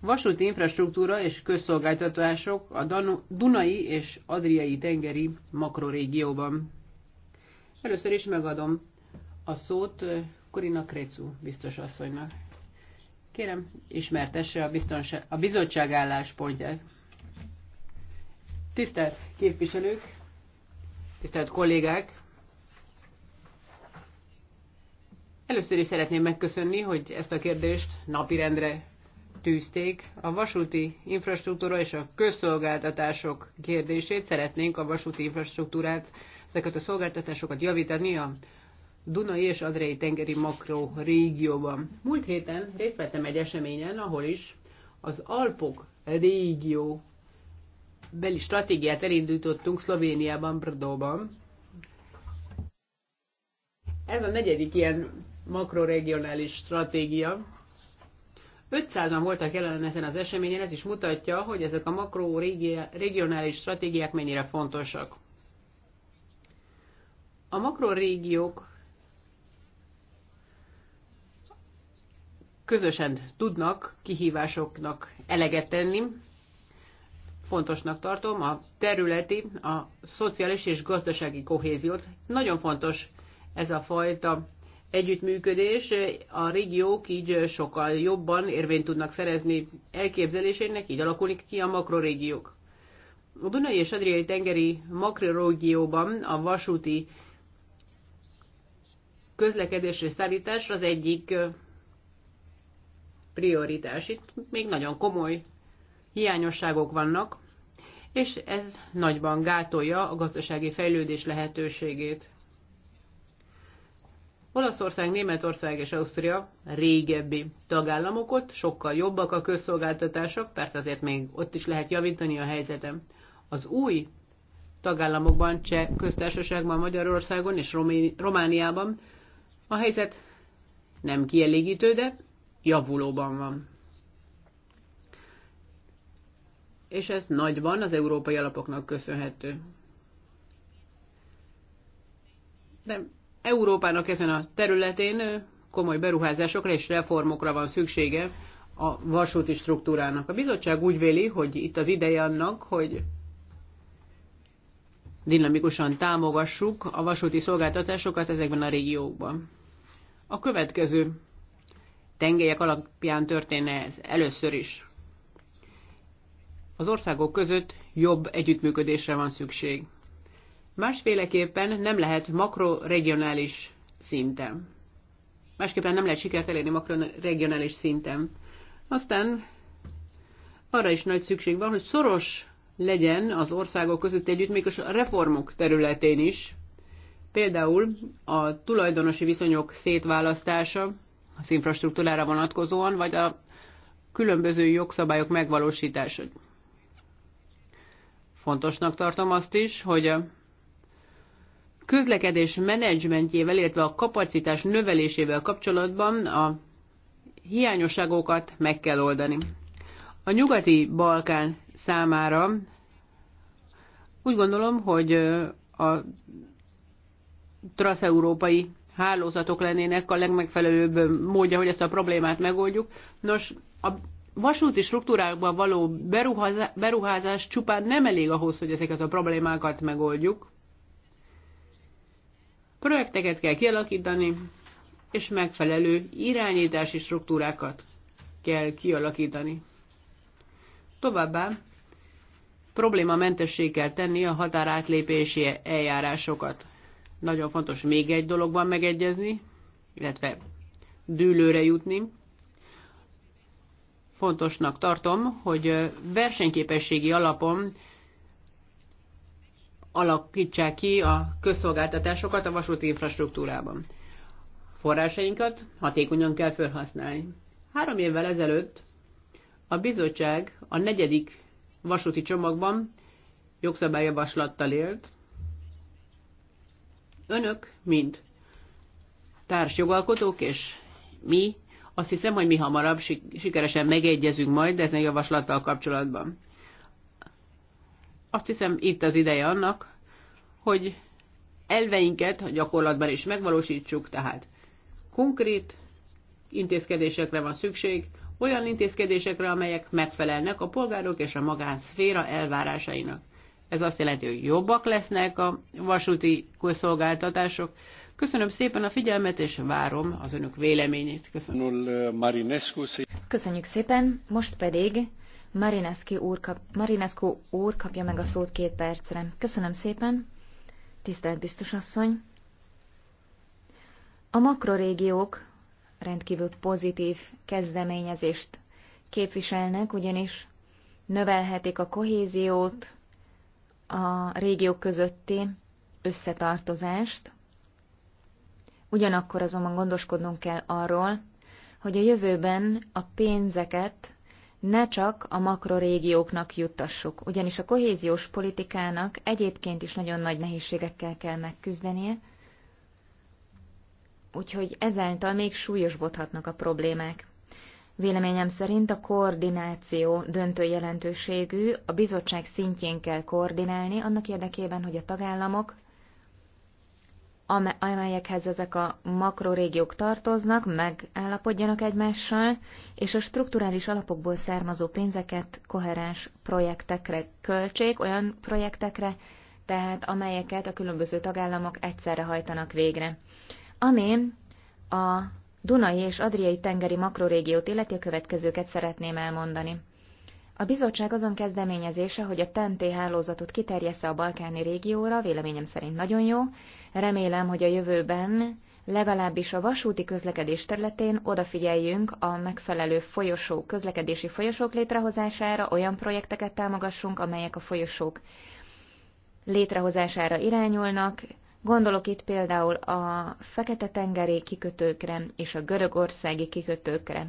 Vasúti infrastruktúra és közszolgáltatások a Dunai és Adriai tengeri makrorégióban. Először is megadom a szót Korina Krecu biztos asszonynak. Kérem, ismertesse a, a bizottság álláspontját. Tisztelt képviselők, tisztelt kollégák! Először is szeretném megköszönni, hogy ezt a kérdést napirendre tűzték a vasúti infrastruktúra és a közszolgáltatások kérdését. Szeretnénk a vasúti infrastruktúrát, ezeket a szolgáltatásokat javítani a Dunai és Adrei tengeri makró régióban. Múlt héten részt vettem egy eseményen, ahol is az Alpok régió beli stratégiát elindítottunk Szlovéniában, Brdóban. Ez a negyedik ilyen makroregionális stratégia, 500-an voltak jelen ezen az eseményen, ez is mutatja, hogy ezek a makroregionális regionális stratégiák mennyire fontosak. A makrorégiók közösen tudnak kihívásoknak eleget tenni. Fontosnak tartom a területi, a szociális és gazdasági kohéziót. Nagyon fontos ez a fajta együttműködés, a régiók így sokkal jobban érvényt tudnak szerezni elképzelésének, így alakulik ki a makrorégiók. A Dunai és Adriai tengeri makrorégióban a vasúti közlekedés és szállítás az egyik prioritás. Itt még nagyon komoly hiányosságok vannak, és ez nagyban gátolja a gazdasági fejlődés lehetőségét. Olaszország, Németország és Ausztria régebbi tagállamok ott, sokkal jobbak a közszolgáltatások, persze azért még ott is lehet javítani a helyzetem. Az új tagállamokban, Cseh köztársaságban, Magyarországon és Romé- Romániában a helyzet nem kielégítő, de javulóban van. És ez nagyban az európai alapoknak köszönhető. De Európának ezen a területén komoly beruházásokra és reformokra van szüksége a vasúti struktúrának. A bizottság úgy véli, hogy itt az ideje annak, hogy dinamikusan támogassuk a vasúti szolgáltatásokat ezekben a régiókban. A következő tengelyek alapján történne ez először is. Az országok között jobb együttműködésre van szükség. Másféleképpen nem lehet makroregionális szinten. Másképpen nem lehet sikert elérni makroregionális szinten. Aztán arra is nagy szükség van, hogy szoros legyen az országok között együtt, még a reformok területén is. Például a tulajdonosi viszonyok szétválasztása az infrastruktúrára vonatkozóan, vagy a különböző jogszabályok megvalósítása. Fontosnak tartom azt is, hogy a közlekedés menedzsmentjével, illetve a kapacitás növelésével kapcsolatban a hiányosságokat meg kell oldani. A nyugati Balkán számára úgy gondolom, hogy a transzeurópai hálózatok lennének a legmegfelelőbb módja, hogy ezt a problémát megoldjuk. Nos, a vasúti struktúrákban való beruházás csupán nem elég ahhoz, hogy ezeket a problémákat megoldjuk. Projekteket kell kialakítani, és megfelelő irányítási struktúrákat kell kialakítani. Továbbá problémamentessé kell tenni a határátlépési eljárásokat. Nagyon fontos még egy dologban megegyezni, illetve dűlőre jutni. Fontosnak tartom, hogy versenyképességi alapon alakítsák ki a közszolgáltatásokat a vasúti infrastruktúrában. Forrásainkat hatékonyan kell felhasználni. Három évvel ezelőtt a bizottság a negyedik vasúti csomagban jogszabályjavaslattal élt. Önök, mind társjogalkotók, és mi azt hiszem, hogy mi hamarabb sikeresen megegyezünk majd ezen javaslattal kapcsolatban. Azt hiszem itt az ideje annak, hogy elveinket a gyakorlatban is megvalósítsuk, tehát konkrét intézkedésekre van szükség, olyan intézkedésekre, amelyek megfelelnek a polgárok és a magánszféra elvárásainak. Ez azt jelenti, hogy jobbak lesznek a vasúti közszolgáltatások. Köszönöm szépen a figyelmet, és várom az önök véleményét. Köszönöm. Köszönjük szépen, most pedig Marinescu úr, kapja meg a szót két percre. Köszönöm szépen, tisztelt biztosasszony! A makrorégiók rendkívül pozitív kezdeményezést képviselnek, ugyanis növelhetik a kohéziót, a régiók közötti összetartozást. Ugyanakkor azonban gondoskodnunk kell arról, hogy a jövőben a pénzeket ne csak a makrorégióknak juttassuk, ugyanis a kohéziós politikának egyébként is nagyon nagy nehézségekkel kell megküzdenie, úgyhogy ezáltal még súlyosbodhatnak a problémák. Véleményem szerint a koordináció döntő jelentőségű, a bizottság szintjén kell koordinálni annak érdekében, hogy a tagállamok amelyekhez ezek a makrorégiók tartoznak, megállapodjanak egymással, és a strukturális alapokból származó pénzeket koherens projektekre költsék, olyan projektekre, tehát amelyeket a különböző tagállamok egyszerre hajtanak végre. Ami a Dunai és Adriai tengeri makrorégiót illeti, a következőket szeretném elmondani. A bizottság azon kezdeményezése, hogy a TNT hálózatot kiterjessze a balkáni régióra, véleményem szerint nagyon jó. Remélem, hogy a jövőben legalábbis a vasúti közlekedés területén odafigyeljünk a megfelelő folyosó, közlekedési folyosók létrehozására, olyan projekteket támogassunk, amelyek a folyosók létrehozására irányulnak. Gondolok itt például a Fekete-tengeri kikötőkre és a görögországi kikötőkre.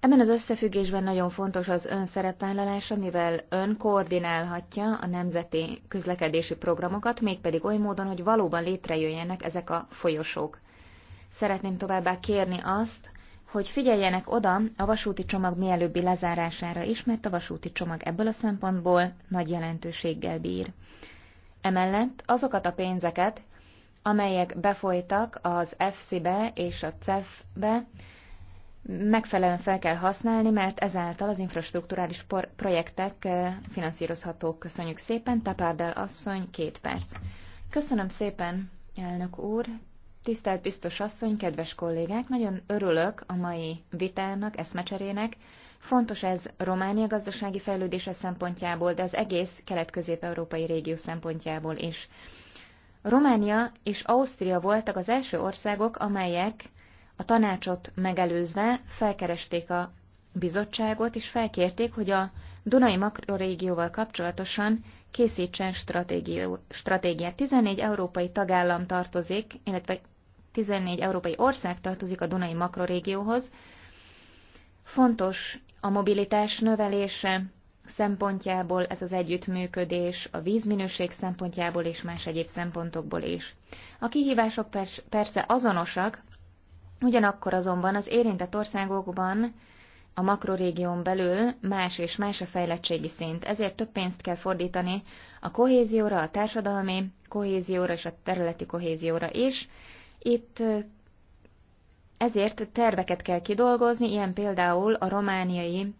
Ebben az összefüggésben nagyon fontos az ön szerepvállalása, mivel ön koordinálhatja a nemzeti közlekedési programokat, mégpedig oly módon, hogy valóban létrejöjjenek ezek a folyosók. Szeretném továbbá kérni azt, hogy figyeljenek oda a vasúti csomag mielőbbi lezárására is, mert a vasúti csomag ebből a szempontból nagy jelentőséggel bír. Emellett azokat a pénzeket, amelyek befolytak az FC-be és a CEF-be, megfelelően fel kell használni, mert ezáltal az infrastruktúrális projektek eh, finanszírozhatók. Köszönjük szépen, Tapárdel asszony, két perc. Köszönöm szépen, elnök úr, tisztelt biztos asszony, kedves kollégák, nagyon örülök a mai vitának, eszmecserének. Fontos ez Románia gazdasági fejlődése szempontjából, de az egész kelet-közép-európai régió szempontjából is. Románia és Ausztria voltak az első országok, amelyek a tanácsot megelőzve felkeresték a bizottságot, és felkérték, hogy a Dunai makrorégióval kapcsolatosan készítsen stratégiát. 14 európai tagállam tartozik, illetve 14 európai ország tartozik a Dunai makrorégióhoz. Fontos a mobilitás növelése szempontjából ez az együttműködés, a vízminőség szempontjából és más egyéb szempontokból is. A kihívások persze azonosak, Ugyanakkor azonban az érintett országokban a makrorégión belül más és más a fejlettségi szint, ezért több pénzt kell fordítani a kohézióra, a társadalmi kohézióra és a területi kohézióra is. Itt ezért terveket kell kidolgozni, ilyen például a romániai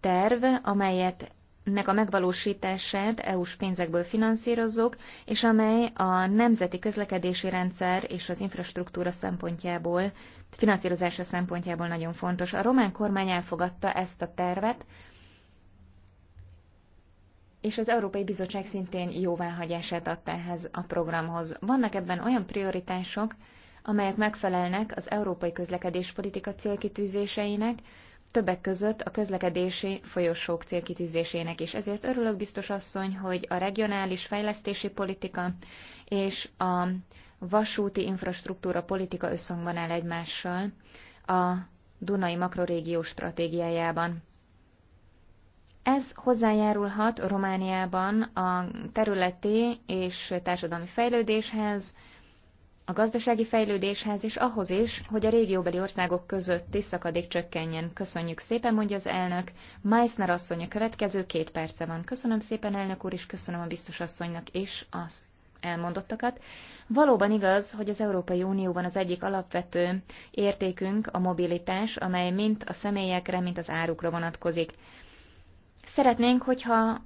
terv, amelyet nek a megvalósítását EU-s pénzekből finanszírozzuk, és amely a nemzeti közlekedési rendszer és az infrastruktúra szempontjából, finanszírozása szempontjából nagyon fontos. A román kormány elfogadta ezt a tervet, és az Európai Bizottság szintén jóváhagyását adta ehhez a programhoz. Vannak ebben olyan prioritások, amelyek megfelelnek az európai közlekedéspolitika célkitűzéseinek, többek között a közlekedési folyosók célkitűzésének is. Ezért örülök, biztos asszony, hogy a regionális fejlesztési politika és a vasúti infrastruktúra politika összhangban áll egymással a Dunai makrorégió stratégiájában. Ez hozzájárulhat Romániában a területi és társadalmi fejlődéshez, a gazdasági fejlődéshez és ahhoz is, hogy a régióbeli országok közötti szakadék csökkenjen. Köszönjük szépen, mondja az elnök. Meissner asszony a következő két perce van. Köszönöm szépen, elnök úr, és köszönöm a biztos asszonynak és az elmondottakat. Valóban igaz, hogy az Európai Unióban az egyik alapvető értékünk a mobilitás, amely mint a személyekre, mint az árukra vonatkozik. Szeretnénk, hogyha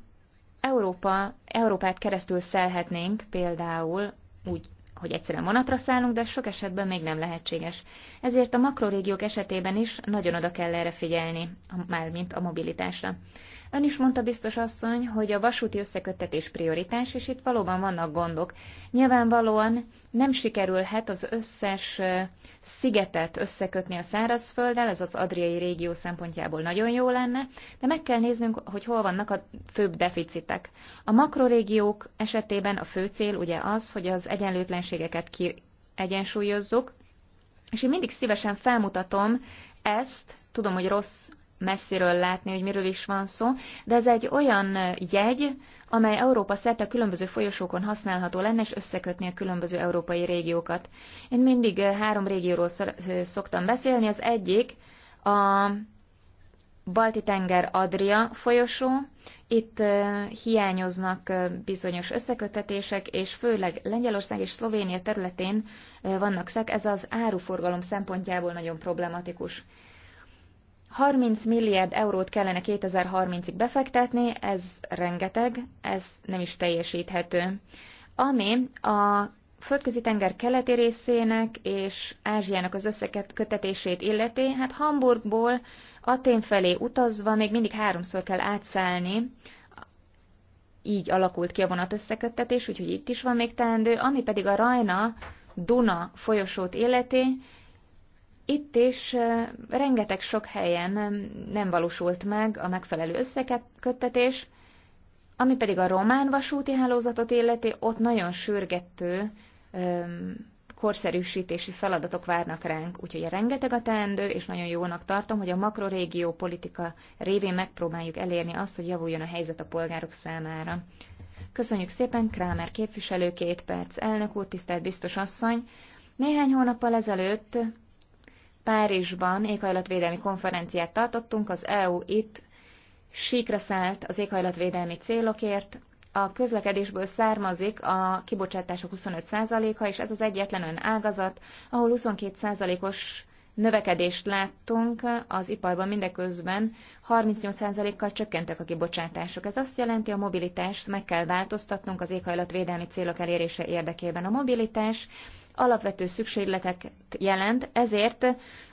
Európa, Európát keresztül szelhetnénk például úgy hogy egyszerűen vonatra szállunk, de sok esetben még nem lehetséges. Ezért a makrorégiók esetében is nagyon oda kell erre figyelni, mármint a mobilitásra. Ön is mondta biztos asszony, hogy a vasúti összeköttetés prioritás, és itt valóban vannak gondok. Nyilvánvalóan nem sikerülhet az összes szigetet összekötni a szárazfölddel, ez az adriai régió szempontjából nagyon jó lenne, de meg kell néznünk, hogy hol vannak a főbb deficitek. A makrorégiók esetében a fő cél ugye az, hogy az egyenlőtlenségeket kiegyensúlyozzuk, és én mindig szívesen felmutatom ezt, tudom, hogy rossz messziről látni, hogy miről is van szó, de ez egy olyan jegy, amely Európa szerte különböző folyosókon használható lenne, és összekötni a különböző európai régiókat. Én mindig három régióról szoktam beszélni, az egyik a Balti-tenger Adria folyosó, itt hiányoznak bizonyos összekötetések, és főleg Lengyelország és Szlovénia területén vannak szek, ez az áruforgalom szempontjából nagyon problematikus. 30 milliárd eurót kellene 2030-ig befektetni, ez rengeteg, ez nem is teljesíthető. Ami a földközi tenger keleti részének és Ázsiának az összekötetését illeti, hát Hamburgból Atén felé utazva még mindig háromszor kell átszállni, így alakult ki a vonat összeköttetés, úgyhogy itt is van még teendő, ami pedig a Rajna Duna folyosót illeti, itt is rengeteg sok helyen nem valósult meg a megfelelő összeköttetés, ami pedig a román vasúti hálózatot illeti, ott nagyon sürgető korszerűsítési feladatok várnak ránk, úgyhogy rengeteg a teendő, és nagyon jónak tartom, hogy a makrorégió politika révén megpróbáljuk elérni azt, hogy javuljon a helyzet a polgárok számára. Köszönjük szépen, Krámer képviselő, két perc, elnök úr, tisztelt biztos asszony. Néhány hónappal ezelőtt Párizsban éghajlatvédelmi konferenciát tartottunk, az EU itt síkra szállt az éghajlatvédelmi célokért, a közlekedésből származik a kibocsátások 25%-a, és ez az egyetlen olyan ágazat, ahol 22%-os növekedést láttunk az iparban mindeközben, 38%-kal csökkentek a kibocsátások. Ez azt jelenti, a mobilitást meg kell változtatnunk az éghajlatvédelmi célok elérése érdekében. A mobilitás alapvető szükségleteket jelent, ezért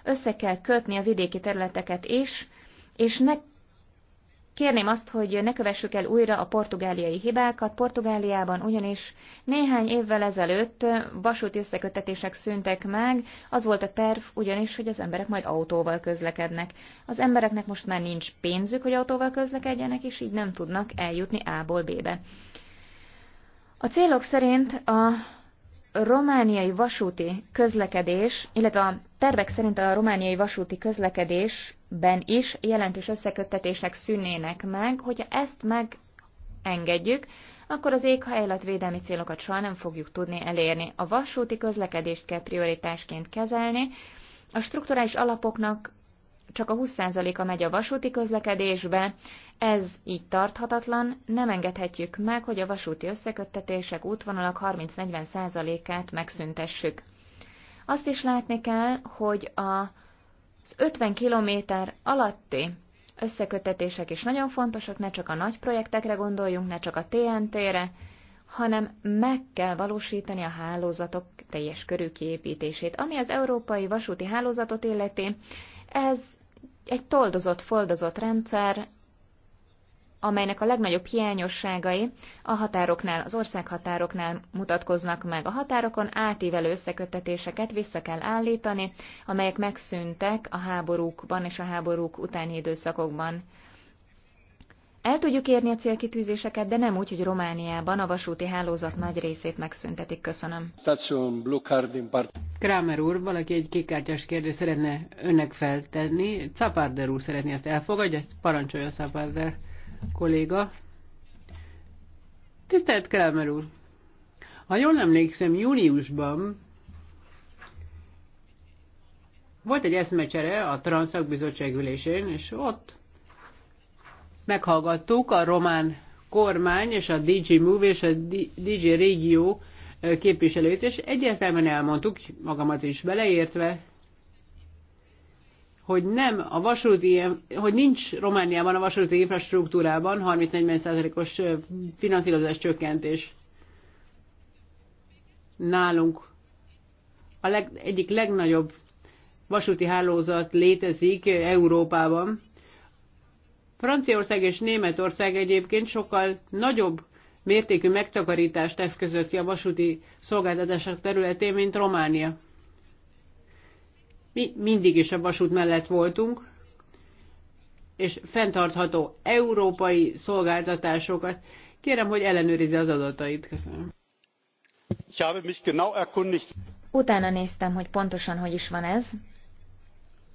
össze kell kötni a vidéki területeket is, és ne Kérném azt, hogy ne kövessük el újra a portugáliai hibákat. Portugáliában ugyanis néhány évvel ezelőtt vasúti összekötetések szűntek meg, az volt a terv ugyanis, hogy az emberek majd autóval közlekednek. Az embereknek most már nincs pénzük, hogy autóval közlekedjenek, és így nem tudnak eljutni A-ból B-be. A célok szerint a romániai vasúti közlekedés, illetve a tervek szerint a romániai vasúti közlekedésben is jelentős összeköttetések szűnnének meg, hogyha ezt megengedjük, akkor az éghajlatvédelmi célokat soha nem fogjuk tudni elérni. A vasúti közlekedést kell prioritásként kezelni, a strukturális alapoknak csak a 20%-a megy a vasúti közlekedésbe, ez így tarthatatlan, nem engedhetjük meg, hogy a vasúti összeköttetések, útvonalak 30-40%-át megszüntessük. Azt is látni kell, hogy az 50 km alatti összekötetések is nagyon fontosak, ne csak a nagy projektekre gondoljunk, ne csak a TNT-re, hanem meg kell valósítani a hálózatok teljes körű kiépítését. Ami az európai vasúti hálózatot illeti, ez egy toldozott, foldozott rendszer, amelynek a legnagyobb hiányosságai a határoknál, az országhatároknál mutatkoznak meg. A határokon átívelő összekötetéseket vissza kell állítani, amelyek megszűntek a háborúkban és a háborúk utáni időszakokban. El tudjuk érni a célkitűzéseket, de nem úgy, hogy Romániában a vasúti hálózat nagy részét megszüntetik. Köszönöm. Kramer úr, valaki egy kékkártyás kérdést szeretne önnek feltenni. Szapárder úr szeretné ezt elfogadni? Parancsolja szapárder kolléga. Tisztelt Kelmer úr! Ha jól emlékszem, júniusban volt egy eszmecsere a Transzak Bizottság ülésén, és ott meghallgattuk a román kormány és a DG Move és a DG Régió képviselőit, és egyértelműen elmondtuk, magamat is beleértve, hogy nem a vasúti, hogy nincs Romániában a vasúti infrastruktúrában 30-40%-os finanszírozás csökkentés. Nálunk a leg, egyik legnagyobb vasúti hálózat létezik Európában. Franciaország és Németország egyébként sokkal nagyobb mértékű megtakarítást eszközött ki a vasúti szolgáltatások területén, mint Románia. Mi mindig is a vasút mellett voltunk, és fenntartható európai szolgáltatásokat. Kérem, hogy ellenőrizze az adatait. Köszönöm. Utána néztem, hogy pontosan hogy is van ez.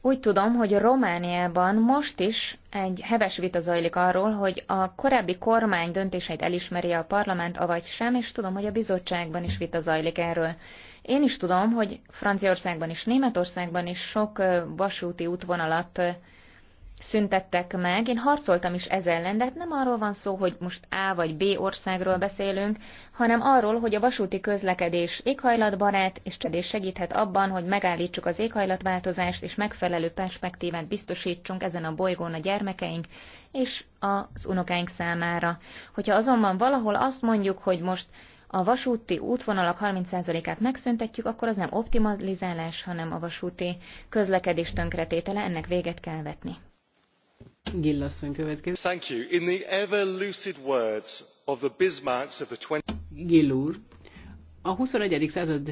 Úgy tudom, hogy Romániában most is egy heves vita zajlik arról, hogy a korábbi kormány döntéseit elismeri a parlament, avagy sem, és tudom, hogy a bizottságban is vita zajlik erről. Én is tudom, hogy Franciaországban és Németországban is sok vasúti útvonalat szüntettek meg. Én harcoltam is ez ellen, de hát nem arról van szó, hogy most A vagy B országról beszélünk, hanem arról, hogy a vasúti közlekedés éghajlatbarát és csedés segíthet abban, hogy megállítsuk az éghajlatváltozást és megfelelő perspektívát biztosítsunk ezen a bolygón a gyermekeink és az unokáink számára. Hogyha azonban valahol azt mondjuk, hogy most a vasúti útvonalak 30%-át megszüntetjük, akkor az nem optimalizálás, hanem a vasúti közlekedés tönkretétele, ennek véget kell vetni. Thank you. In the ever lucid words of the Bismarcks of the 20... th úr, a 21. század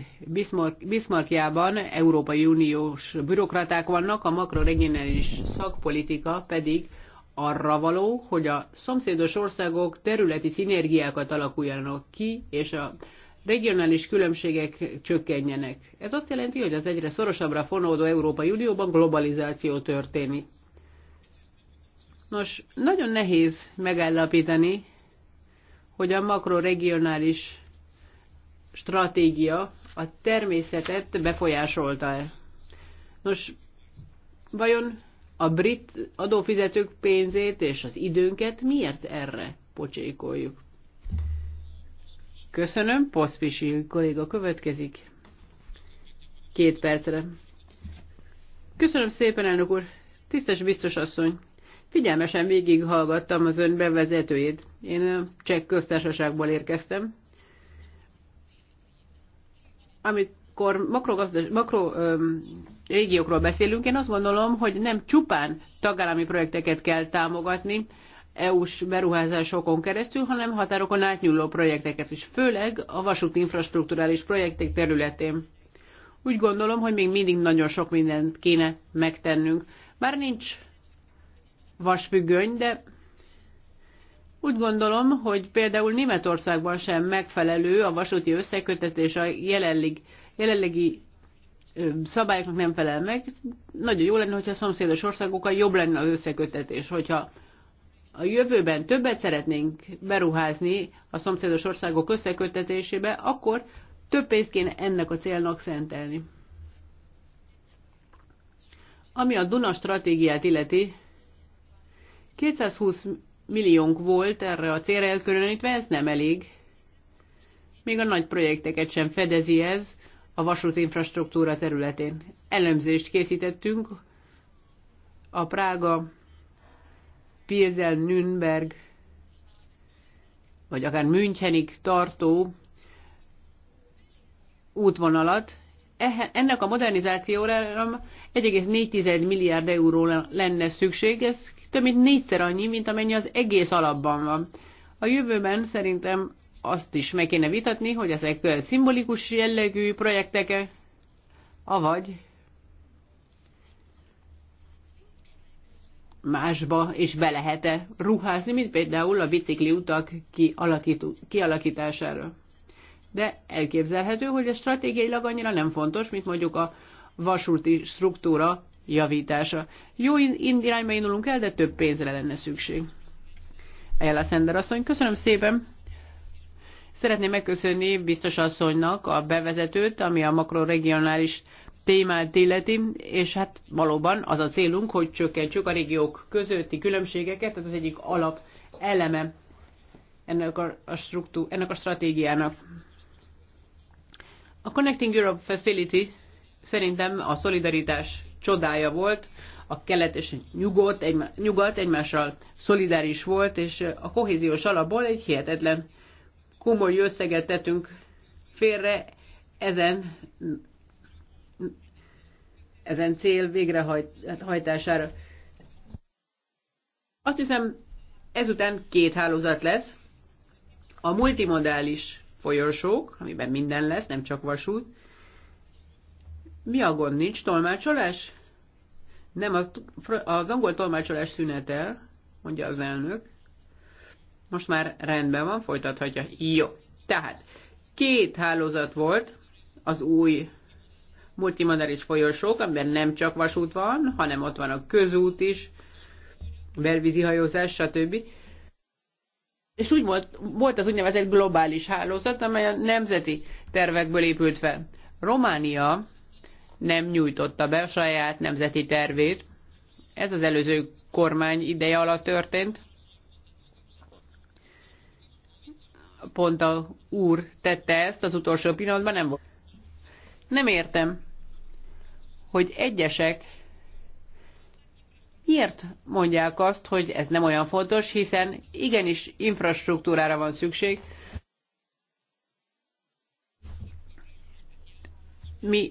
Bismarckjában Európai Uniós bürokraták vannak, a makroregionális szakpolitika pedig arra való, hogy a szomszédos országok területi szinergiákat alakuljanak ki, és a regionális különbségek csökkenjenek. Ez azt jelenti, hogy az egyre szorosabbra fonódó Európai Unióban globalizáció történik. Nos, nagyon nehéz megállapítani, hogy a makroregionális stratégia a természetet befolyásolta-e. Nos, vajon a brit adófizetők pénzét és az időnket miért erre pocsékoljuk? Köszönöm, Poszpisi kolléga következik. Két percre. Köszönöm szépen, elnök úr. Tisztes biztos asszony. Figyelmesen végighallgattam az ön bevezetőjét. Én a csekk köztársaságból érkeztem. Amikor makrogazdas, makro öm, régiókról beszélünk, én azt gondolom, hogy nem csupán tagállami projekteket kell támogatni, EU-s beruházásokon keresztül, hanem határokon átnyúló projekteket is, főleg a vasút infrastruktúrális projektek területén. Úgy gondolom, hogy még mindig nagyon sok mindent kéne megtennünk. Bár nincs vasfüggöny, de úgy gondolom, hogy például Németországban sem megfelelő a vasúti összekötetés a jelenleg, jelenlegi szabályoknak nem felel meg. Nagyon jó lenne, hogyha a szomszédos országokkal jobb lenne az összekötetés, hogyha a jövőben többet szeretnénk beruházni a szomszédos országok összekötetésébe, akkor több pénzt kéne ennek a célnak szentelni. Ami a Duna stratégiát illeti, 220 milliónk volt erre a célra elkülönítve, ez nem elég. Még a nagy projekteket sem fedezi ez a vasúti infrastruktúra területén. Elemzést készítettünk a Prága, Pilsen, Nürnberg, vagy akár Münchenig tartó útvonalat. Ennek a modernizációra 1,4 milliárd euró lenne szükség, ez több mint négyszer annyi, mint amennyi az egész alapban van. A jövőben szerintem azt is meg kéne vitatni, hogy ezek szimbolikus jellegű projektek-e, avagy másba is be lehet-e ruházni, mint például a bicikli utak kialakítására. De elképzelhető, hogy ez stratégiailag annyira nem fontos, mint mondjuk a vasúti struktúra javítása. Jó irányba indulunk el, de több pénzre lenne szükség. Ella Szender asszony, köszönöm szépen! Szeretném megköszönni biztos asszonynak a bevezetőt, ami a makroregionális témát illeti, és hát valóban az a célunk, hogy csökkentsük a régiók közötti különbségeket, ez az egyik alap eleme ennek a, a struktú, ennek a stratégiának. A Connecting Europe Facility szerintem a szolidaritás csodája volt, a kelet és nyugodt, egy, nyugat egymással szolidáris volt, és a kohéziós alapból egy hihetetlen komoly összeget tettünk félre ezen, ezen cél végrehajtására. Hát Azt hiszem, ezután két hálózat lesz. A multimodális folyosók, amiben minden lesz, nem csak vasút, mi a gond? Nincs tolmácsolás? Nem, az, az angol tolmácsolás szünetel, mondja az elnök. Most már rendben van, folytathatja. Jó. Tehát két hálózat volt az új multimodális folyosók, amiben nem csak vasút van, hanem ott van a közút is, belvízi hajózás, stb. És úgy volt, volt az úgynevezett globális hálózat, amely a nemzeti tervekből épült fel. Románia nem nyújtotta be a saját nemzeti tervét. Ez az előző kormány ideje alatt történt. Pont a úr tette ezt, az utolsó pillanatban nem volt. Nem értem, hogy egyesek miért mondják azt, hogy ez nem olyan fontos, hiszen igenis infrastruktúrára van szükség. Mi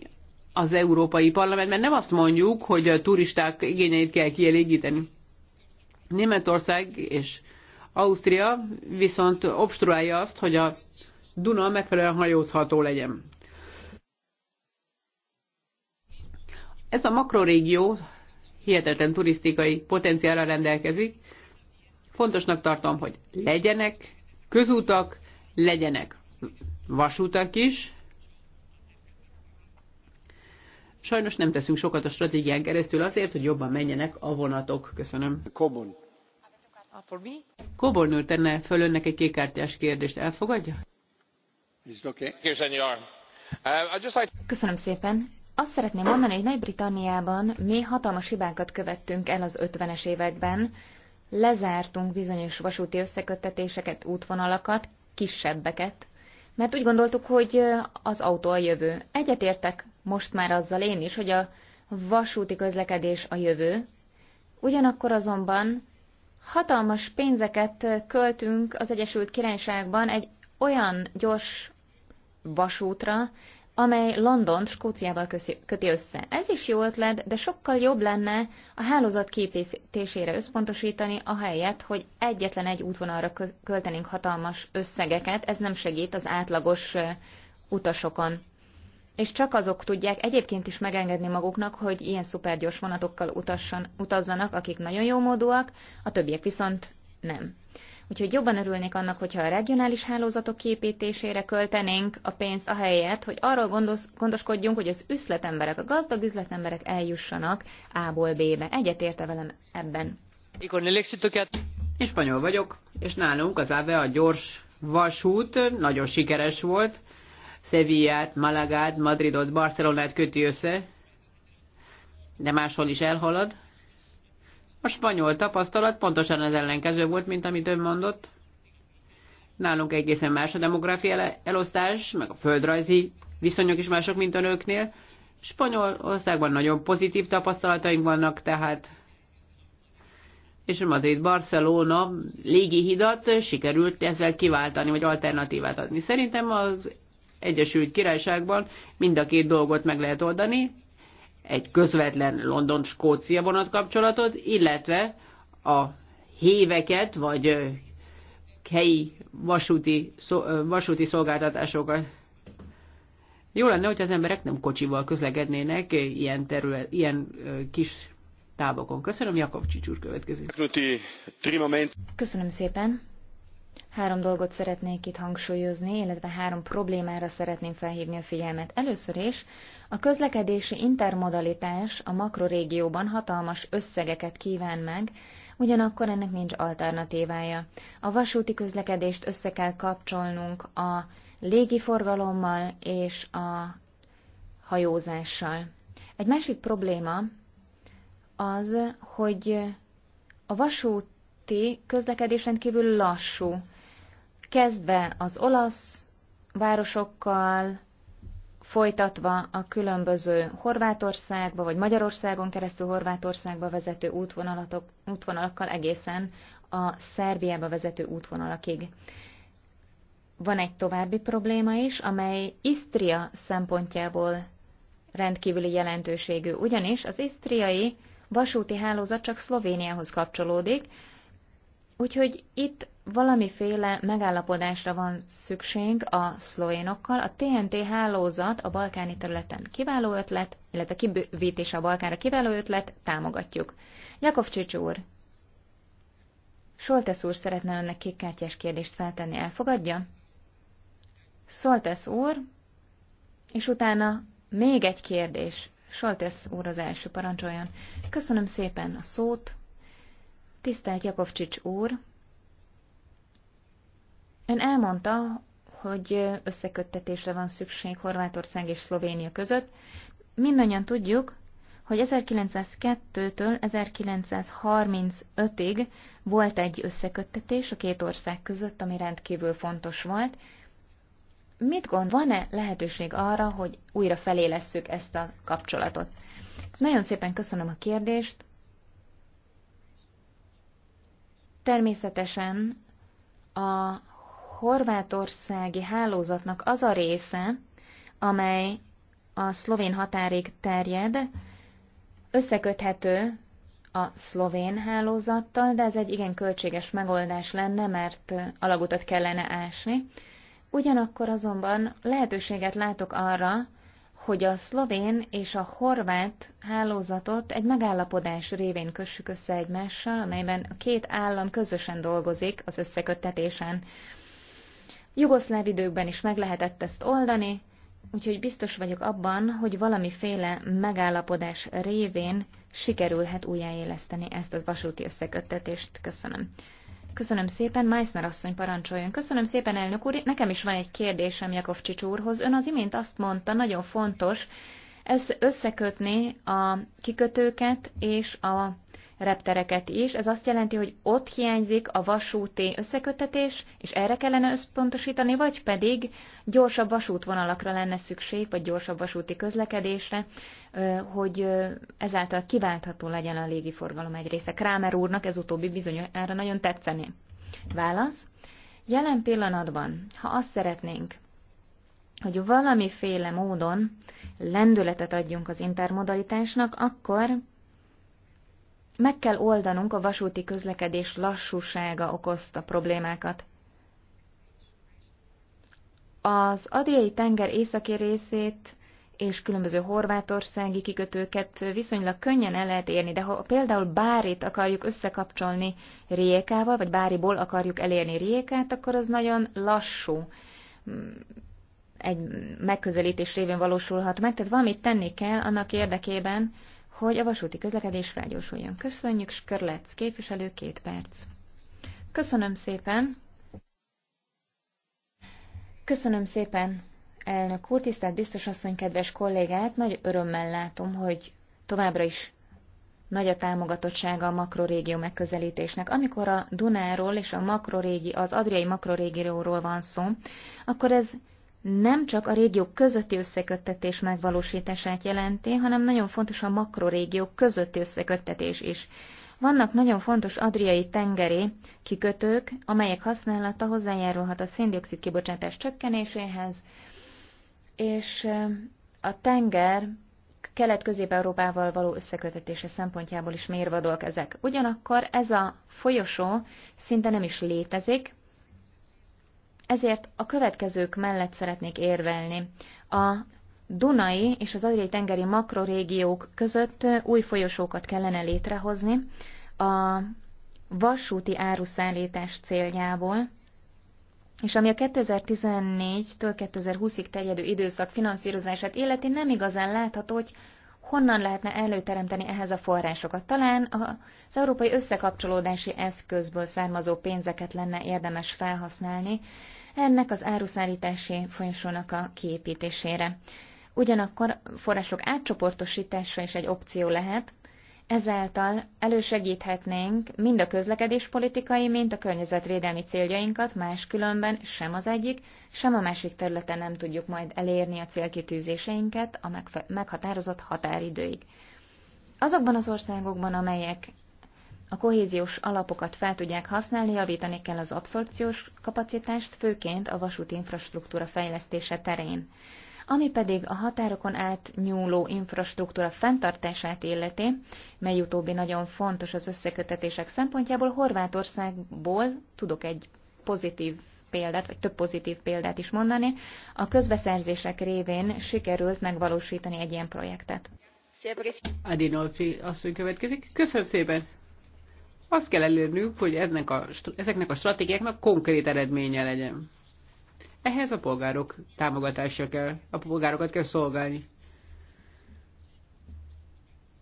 az Európai mert nem azt mondjuk, hogy a turisták igényeit kell kielégíteni. Németország és Ausztria viszont obstruálja azt, hogy a Duna megfelelően hajózható legyen. Ez a makrorégió hihetetlen turisztikai potenciálra rendelkezik. Fontosnak tartom, hogy legyenek közutak, legyenek vasútak is, Sajnos nem teszünk sokat a stratégián keresztül azért, hogy jobban menjenek a vonatok. Köszönöm. Kobon. Kobon úr tenne föl önnek egy kékkártyás kérdést. Elfogadja? Uh, Köszönöm szépen. Azt szeretném mondani, hogy Nagy-Britanniában mi hatalmas hibákat követtünk el az 50-es években. Lezártunk bizonyos vasúti összeköttetéseket, útvonalakat, kisebbeket, mert úgy gondoltuk, hogy az autó a jövő. Egyetértek most már azzal én is, hogy a vasúti közlekedés a jövő. Ugyanakkor azonban hatalmas pénzeket költünk az Egyesült Királyságban egy olyan gyors vasútra, amely London Skóciával köti össze. Ez is jó ötlet, de sokkal jobb lenne a hálózat képítésére összpontosítani, ahelyett, hogy egyetlen egy útvonalra költenénk hatalmas összegeket, ez nem segít az átlagos utasokon és csak azok tudják egyébként is megengedni maguknak, hogy ilyen szupergyors vonatokkal utasson, utazzanak, akik nagyon jó módúak, a többiek viszont nem. Úgyhogy jobban örülnék annak, hogyha a regionális hálózatok képítésére költenénk a pénzt a helyet, hogy arról gondos, gondoskodjunk, hogy az üzletemberek, a gazdag üzletemberek eljussanak A-ból B-be. Egyetérte velem ebben. Én spanyol vagyok, és nálunk az AVE a gyors vasút nagyon sikeres volt, Szevillát, Malagát, Madridot, Barcelonát köti össze, de máshol is elhalad. A spanyol tapasztalat pontosan az ellenkező volt, mint amit ön mondott. Nálunk egészen más a demográfia elosztás, meg a földrajzi viszonyok is mások, mint a nőknél. Spanyolországban nagyon pozitív tapasztalataink vannak, tehát és Madrid-Barcelona légihidat sikerült ezzel kiváltani, vagy alternatívát adni. Szerintem az Egyesült Királyságban mind a két dolgot meg lehet oldani, egy közvetlen London-Skócia kapcsolatot, illetve a héveket, vagy helyi vasúti, vasúti szolgáltatásokat. Jó lenne, hogy az emberek nem kocsival közlekednének ilyen, terület, ilyen kis távokon. Köszönöm, Jakob Csicsúr következik. Köszönöm szépen. Három dolgot szeretnék itt hangsúlyozni, illetve három problémára szeretném felhívni a figyelmet. Először is a közlekedési intermodalitás a makrorégióban hatalmas összegeket kíván meg, ugyanakkor ennek nincs alternatívája. A vasúti közlekedést össze kell kapcsolnunk a légiforgalommal és a hajózással. Egy másik probléma az, hogy a vasút közötti közlekedésen kívül lassú. Kezdve az olasz városokkal, folytatva a különböző Horvátországba vagy Magyarországon keresztül Horvátországba vezető útvonalatok, útvonalakkal egészen a Szerbiába vezető útvonalakig. Van egy további probléma is, amely Isztria szempontjából rendkívüli jelentőségű, ugyanis az isztriai vasúti hálózat csak Szlovéniához kapcsolódik, Úgyhogy itt valamiféle megállapodásra van szükség a szlovénokkal. A TNT hálózat a balkáni területen kiváló ötlet, illetve a kibővítése a Balkánra kiváló ötlet, támogatjuk. Jakov Csics úr, Soltesz úr szeretne önnek kékkártyás kérdést feltenni, elfogadja? Soltesz úr, és utána még egy kérdés. Soltesz úr az első parancsoljon. Köszönöm szépen a szót. Tisztelt Jakovcsics úr, ön elmondta, hogy összeköttetésre van szükség Horvátország és Szlovénia között. Mindannyian tudjuk, hogy 1902-től 1935-ig volt egy összeköttetés a két ország között, ami rendkívül fontos volt. Mit gond, van-e lehetőség arra, hogy újra felélesszük ezt a kapcsolatot? Nagyon szépen köszönöm a kérdést. Természetesen a horvátországi hálózatnak az a része, amely a szlovén határig terjed, összeköthető a szlovén hálózattal, de ez egy igen költséges megoldás lenne, mert alagutat kellene ásni. Ugyanakkor azonban lehetőséget látok arra, hogy a szlovén és a horvát hálózatot egy megállapodás révén kössük össze egymással, amelyben a két állam közösen dolgozik az összeköttetésen. Jugoszláv időkben is meg lehetett ezt oldani, úgyhogy biztos vagyok abban, hogy valamiféle megállapodás révén sikerülhet újjáéleszteni ezt a vasúti összeköttetést. Köszönöm. Köszönöm szépen, Meissner asszony parancsoljon. Köszönöm szépen, elnök úr. Nekem is van egy kérdésem Jakovcsics úrhoz. Ön az imént azt mondta, nagyon fontos, ez összekötni a kikötőket és a reptereket is. Ez azt jelenti, hogy ott hiányzik a vasúti összekötetés, és erre kellene összpontosítani, vagy pedig gyorsabb vasútvonalakra lenne szükség, vagy gyorsabb vasúti közlekedésre, hogy ezáltal kiváltható legyen a légiforgalom egy része. Krámer úrnak ez utóbbi bizonyára nagyon tetszeni. Válasz. Jelen pillanatban, ha azt szeretnénk, hogy valamiféle módon lendületet adjunk az intermodalitásnak, akkor meg kell oldanunk a vasúti közlekedés lassúsága okozta problémákat. Az Adriai tenger északi részét és különböző horvátországi kikötőket viszonylag könnyen el lehet érni, de ha például Bárit akarjuk összekapcsolni Riekával, vagy Báriból akarjuk elérni Riekát, akkor az nagyon lassú mm, egy megközelítés révén valósulhat meg, tehát valamit tenni kell annak érdekében, hogy a vasúti közlekedés felgyorsuljon. Köszönjük, Skörlec képviselő, két perc. Köszönöm szépen. Köszönöm szépen, elnök úr, tisztelt biztos asszony, kedves kollégák, nagy örömmel látom, hogy továbbra is nagy a támogatottsága a makrorégió megközelítésnek. Amikor a Dunáról és a makrorégi, az adriai makrorégióról van szó, akkor ez nem csak a régiók közötti összeköttetés megvalósítását jelenti, hanem nagyon fontos a makrorégiók közötti összeköttetés is. Vannak nagyon fontos adriai tengeri kikötők, amelyek használata hozzájárulhat a széndiokszid kibocsátás csökkenéséhez, és eh, a tenger kelet-közép-európával való összekötetése szempontjából is mérvadók ezek. Ugyanakkor ez a folyosó szinte nem is létezik, ezért a következők mellett szeretnék érvelni. A Dunai és az Adriai tengeri makrorégiók között új folyosókat kellene létrehozni a vasúti áruszállítás céljából, és ami a 2014-től 2020-ig terjedő időszak finanszírozását illeti, nem igazán látható, hogy honnan lehetne előteremteni ehhez a forrásokat. Talán az európai összekapcsolódási eszközből származó pénzeket lenne érdemes felhasználni, ennek az áruszállítási folyosónak a kiépítésére. Ugyanakkor források átcsoportosítása is egy opció lehet, ezáltal elősegíthetnénk mind a közlekedéspolitikai, mint a környezetvédelmi céljainkat, máskülönben sem az egyik, sem a másik területen nem tudjuk majd elérni a célkitűzéseinket a meghatározott határidőig. Azokban az országokban, amelyek a kohéziós alapokat fel tudják használni, javítani kell az abszorpciós kapacitást, főként a vasúti infrastruktúra fejlesztése terén. Ami pedig a határokon átnyúló infrastruktúra fenntartását illeti, mely utóbbi nagyon fontos az összekötetések szempontjából, Horvátországból tudok egy pozitív példát, vagy több pozitív példát is mondani, a közbeszerzések révén sikerült megvalósítani egy ilyen projektet. Adinolfi asszony következik. Köszönöm szépen! Azt kell elérnünk, hogy eznek a, ezeknek a stratégiáknak konkrét eredménye legyen. Ehhez a polgárok támogatása kell, a polgárokat kell szolgálni.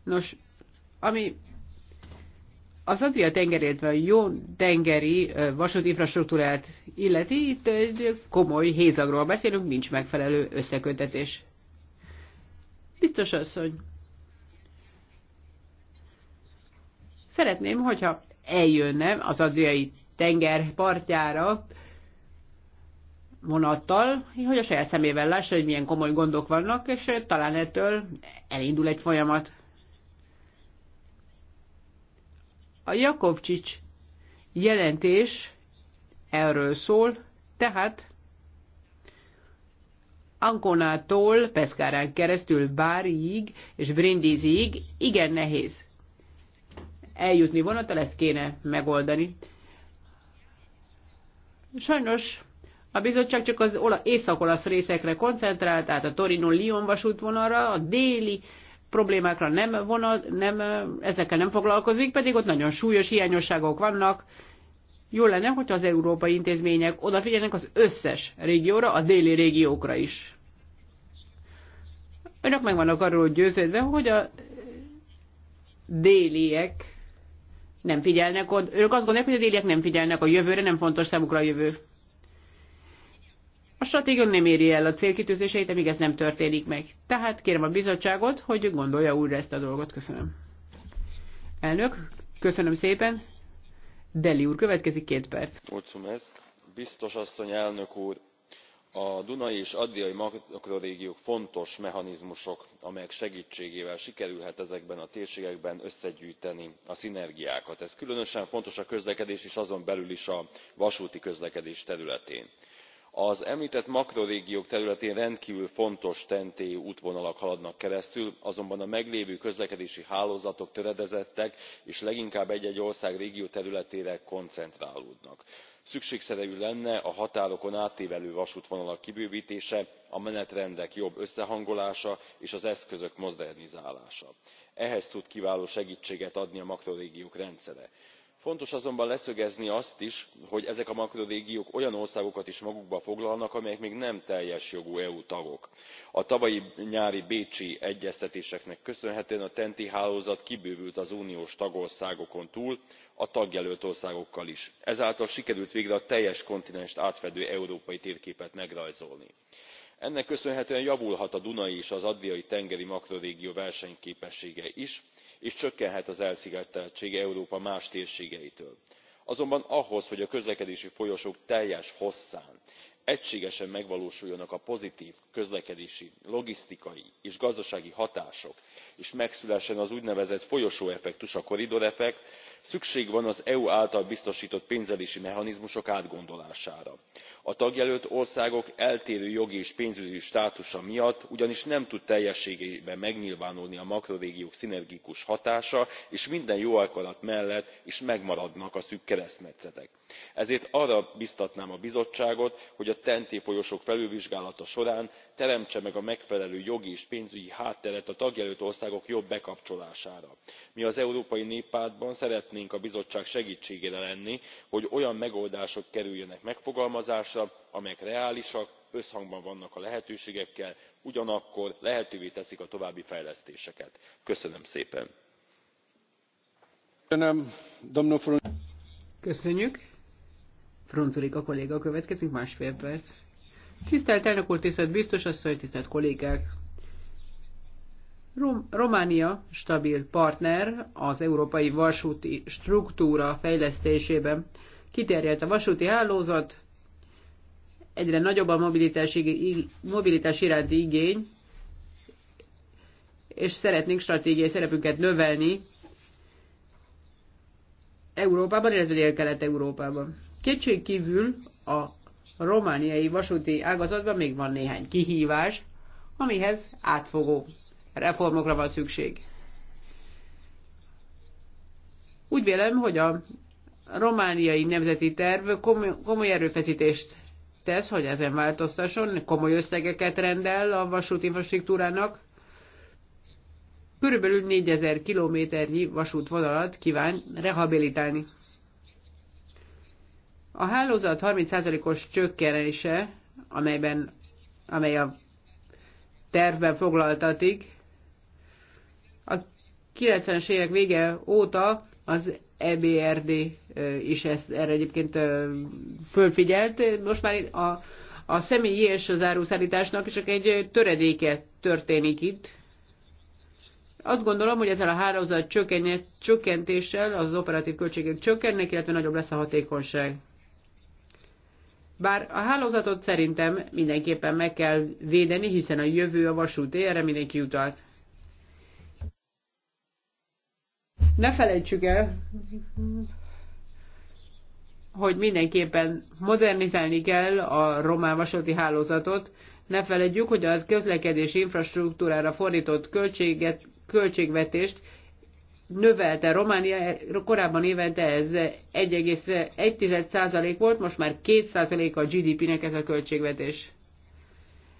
Nos, ami az Adria tengerét, vagy jó tengeri vasúti infrastruktúrát illeti, itt egy komoly hézagról beszélünk, nincs megfelelő összekötetés. Biztos asszony, Szeretném, hogyha eljönne az adriai tenger partjára vonattal, hogy a saját szemével lássa, hogy milyen komoly gondok vannak, és talán ettől elindul egy folyamat. A Jakovcsics jelentés erről szól, tehát Ankonától Peszkárán keresztül Báriig és Brindiziig igen nehéz eljutni vonattal, ezt kéne megoldani. Sajnos a bizottság csak az észak-olasz részekre koncentrált, tehát a Torino-Lyon vasútvonalra, a déli problémákra nem vonat, nem, ezekkel nem foglalkozik, pedig ott nagyon súlyos hiányosságok vannak. Jó lenne, hogyha az európai intézmények odafigyelnek az összes régióra, a déli régiókra is. Önök meg vannak arról győződve, hogy a déliek nem figyelnek ott. Ők azt gondolják, hogy a déliek nem figyelnek a jövőre, nem fontos számukra a jövő. A stratégia nem éri el a célkitűzéseit, amíg ez nem történik meg. Tehát kérem a bizottságot, hogy gondolja újra ezt a dolgot. Köszönöm. Elnök, köszönöm szépen. Deli úr, következik két perc. Biztos asszony, elnök úr, a dunai és adriai makrorégiók fontos mechanizmusok amelyek segtségével sikerülhet ezekben a térségekben összegyűjteni a szinergiákat. ez különösen fontos a közlekedés és azon belül is a vasúti közlekedés területén. az emltett makrorégiók területén rendkvül fontos ten t útvonalak haladnak keresztül azonban a meglévő közlekedési hálózatok töredezettek és leginkább egy egy ország területére koncentrálódnak szükségszerű lenne a határokon átvelő vasútvonalak kibővtése a menetrendek jobb összehangolása és az eszközök modernizálása. ehhez tud kiváló segtséget adni a makrorégiók rendszere fontos azonban leszögezni azt is hogy ezek a makrorégiók olyan országokat is magukba foglalnak amelyek még nem teljes jogú eu tagok. a tavalyi nyári bécsi egyeztetéseknek köszönhetően a ten t hálózat kibővült az uniós tagországokon túl a tagjelölt országokkal is ezáltal sikerült végre a teljes kontinenst átfedő európai térképet megrajzolni. ennek köszönhetően javulhat a dunai és az adriai tengeri makrorégió versenyképessége is és csökkenhet az elszigeteltség európa más térségeitől. azonban ahhoz hogy a közlekedési folyosók teljes hosszán egységesen megvalósuljanak a pozitv közlekedési logisztikai és gazdasági hatások és megszülessen az úgynevezett folyosóeffektus a effekt), szükség van az eu által biztostott pénzelési mechanizmusok átgondolására a tagjelölt országok eltérő jogi és pénzügyi státusza miatt ugyanis nem tud teljességében megnyilvánulni a makrorégiók szinergikus hatása és minden jó akarat mellett is megmaradnak a szűk keresztmetszetek. ezért arra biztatnám a bizottságot hogy a ten t folyosók felülvizsgálata során teremtse meg a megfelelő jogi és pénzügyi hátteret a tagjelölt országok jobb bekapcsolására. mi az európai néppártban szeretnénk a bizottság segtségére lenni hogy olyan megoldások kerüljenek megfogalmazásra támogatásra amelyek reálisak összhangban vannak a lehetőségekkel ugyanakkor lehetővé teszik a további fejlesztéseket. köszönöm szépen! Köszönjük! a másfél perc. Tisztelt elnök úr, tisztelt biztos asszony, tisztelt kollégák! Rom- Románia stabil partner az európai vasúti struktúra fejlesztésében. Kiterjedt a vasúti hálózat, egyre nagyobb a mobilitás, mobilitás iránti igény, és szeretnénk stratégiai szerepünket növelni Európában, illetve Dél-Kelet-Európában. Kétség kívül a romániai vasúti ágazatban még van néhány kihívás, amihez átfogó reformokra van szükség. Úgy vélem, hogy a romániai nemzeti terv komoly erőfeszítést tesz, hogy ezen változtasson, komoly összegeket rendel a vasúti infrastruktúrának. Körülbelül 4000 kilométernyi vasútvonalat kíván rehabilitálni. A hálózat 30%-os csökkenése, amelyben, amely a tervben foglaltatik, a 90-es évek vége óta az EBRD is ezt, erre egyébként fölfigyelt. Most már a, a személyi és az áruszállításnak csak egy töredéke történik itt. Azt gondolom, hogy ezzel a hálózat csökkentéssel az operatív költségek csökkennek, illetve nagyobb lesz a hatékonyság. Bár a hálózatot szerintem mindenképpen meg kell védeni, hiszen a jövő a vasúti erre mindenki utalt. Ne felejtsük el, hogy mindenképpen modernizálni kell a román vasúti hálózatot. Ne felejtjük, hogy a közlekedési infrastruktúrára fordított költséget, költségvetést növelte Románia, korábban évente ez 1,1% volt, most már 2% a GDP-nek ez a költségvetés.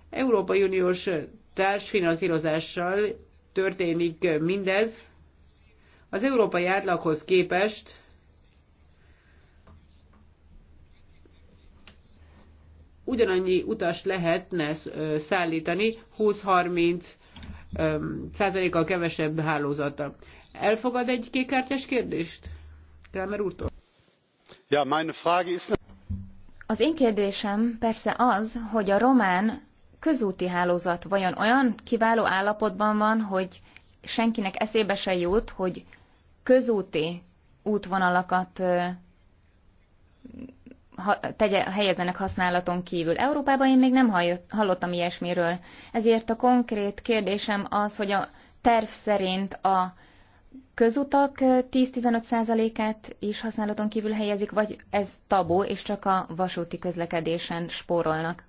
Európai Uniós társfinanszírozással történik mindez, az európai átlaghoz képest ugyanannyi utas lehetne szállítani 20-30 százalékkal kevesebb hálózata. Elfogad egy kékkártyás kérdést? Kramer úrtól. Ja, meine Frage ist... Az én kérdésem persze az, hogy a román közúti hálózat vajon olyan kiváló állapotban van, hogy senkinek eszébe se jut, hogy közúti útvonalakat ha, tegye, helyezzenek használaton kívül. Európában én még nem hallottam ilyesmiről. Ezért a konkrét kérdésem az, hogy a terv szerint a közutak 10-15%-át is használaton kívül helyezik, vagy ez tabu, és csak a vasúti közlekedésen spórolnak?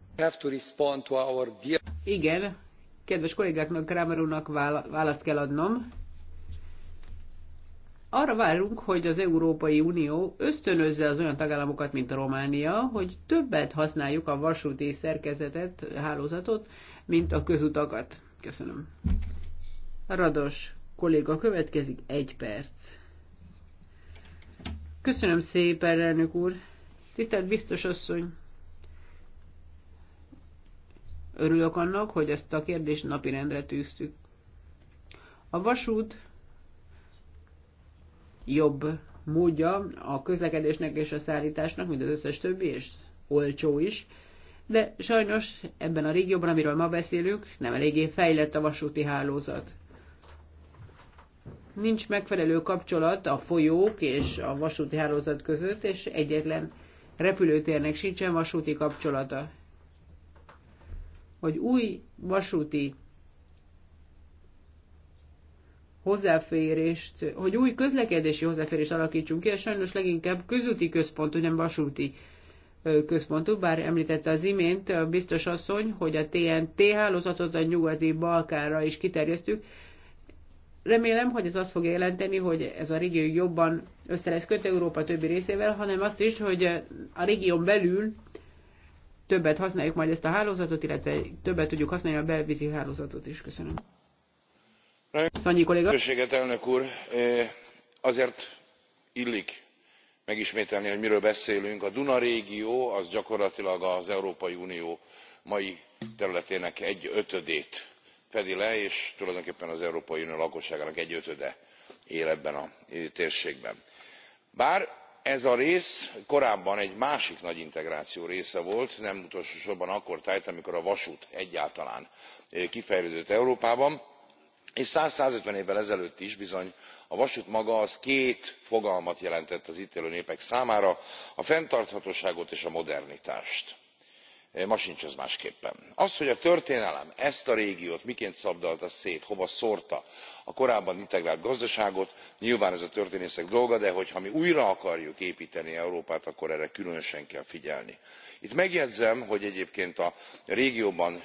Igen, kedves kollégáknak, Kramer úrnak választ kell adnom. Arra várunk, hogy az Európai Unió ösztönözze az olyan tagállamokat, mint a Románia, hogy többet használjuk a vasúti szerkezetet, hálózatot, mint a közutakat. Köszönöm. Rados kolléga következik, egy perc. Köszönöm szépen, elnök úr. Tisztelt biztos asszony. Örülök annak, hogy ezt a kérdést napirendre tűztük. A vasút jobb módja a közlekedésnek és a szállításnak, mint az összes többi, és olcsó is. De sajnos ebben a régióban, amiről ma beszélünk, nem eléggé fejlett a vasúti hálózat. Nincs megfelelő kapcsolat a folyók és a vasúti hálózat között, és egyetlen repülőtérnek sincsen vasúti kapcsolata. Hogy új vasúti hozzáférést, hogy új közlekedési hozzáférést alakítsunk ki, és sajnos leginkább közúti központú, nem vasúti központú, bár említette az imént biztos asszony, hogy a TNT hálózatot a nyugati Balkánra is kiterjesztük. Remélem, hogy ez azt fogja jelenteni, hogy ez a régió jobban össze lesz köt Európa többi részével, hanem azt is, hogy a régión belül többet használjuk majd ezt a hálózatot, illetve többet tudjuk használni a belvízi hálózatot is. Köszönöm elnök úr azért illik megismételni hogy miről beszélünk a duna régió az gyakorlatilag az európai unió mai területének egyötödét fedi le és tulajdonképpen az európai unió lakosságának egyötöde él ebben a térségben. bár ez a rész korábban egy másik nagy integráció része volt nem utolsó sorban akkor tájt amikor a vasút egyáltalán kifejlődött európában és one hundred one hundred and fifty évvel ezelőtt is bizony a vasút maga az két fogalmat jelentett az itt élő népek számára a fenntarthatóságot és a modernitást. Eh, ma sincs ez másképpen. az hogy a történelem ezt a régiót miként szabdalta szét hova szórta a korábban integrált gazdaságot nyilván ez a történészek dolga de hogyha mi újra akarjuk épteni európát akkor erre különösen kell figyelni itt megjegyzem hogy egyébként a régióban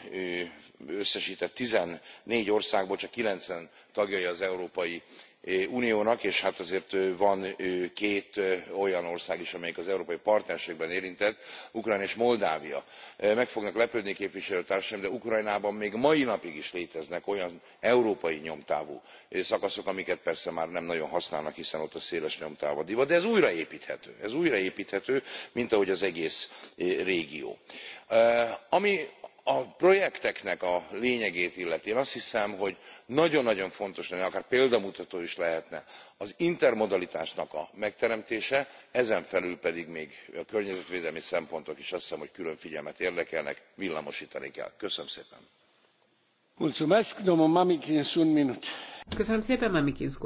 összestett fourteen országból csak nine tagjai az európai uniónak és hát azért van két olyan ország is amelyik az európai partnerségben érintett ukrajna és moldávia. meg fognak lepődni képviselőtársaim de ukrajnában még mai napig is léteznek olyan európai nyomtávú szakaszok amiket persze már nem nagyon használnak hiszen ott a széles nyomtáv a divat de ez újraépthető ez újraépthető mint ahogy az egész régió. ami a projekteknek a lényegét illeti én azt hiszem hogy nagyon nagyon fontos lenne akár példamutató is lehetne az intermodalitásnak a megteremtése ezen felül pedig még a környezetvédelmi szempontok is azt hiszem hogy külön figyelmet érdekelnek villamostani kell. köszönöm szépen! Köszönöm szépen, Mamikins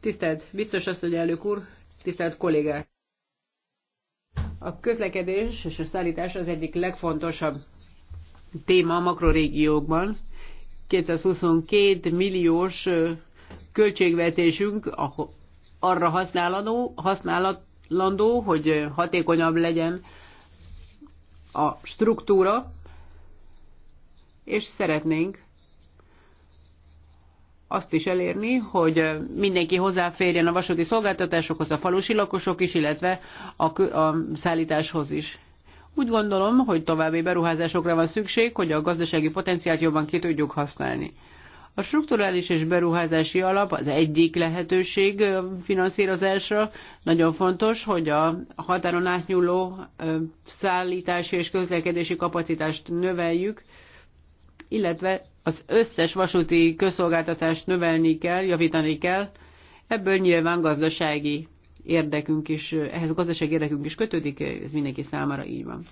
Tisztelt biztos asszony, elnök úr, tisztelt kollégák! A közlekedés és a szállítás az egyik legfontosabb téma a makrorégiókban. 222 milliós költségvetésünk arra használandó, használandó, hogy hatékonyabb legyen a struktúra, és szeretnénk azt is elérni, hogy mindenki hozzáférjen a vasúti szolgáltatásokhoz, a falusi lakosok is, illetve a, a szállításhoz is. Úgy gondolom, hogy további beruházásokra van szükség, hogy a gazdasági potenciált jobban ki tudjuk használni. A strukturális és beruházási alap az egyik lehetőség finanszírozásra. Nagyon fontos, hogy a határon átnyúló szállítási és közlekedési kapacitást növeljük, illetve az összes vasúti közszolgáltatást növelni kell, javítani kell, ebből nyilván gazdasági érdekünk is, ehhez gazdasági érdekünk is kötődik, ez mindenki számára így van.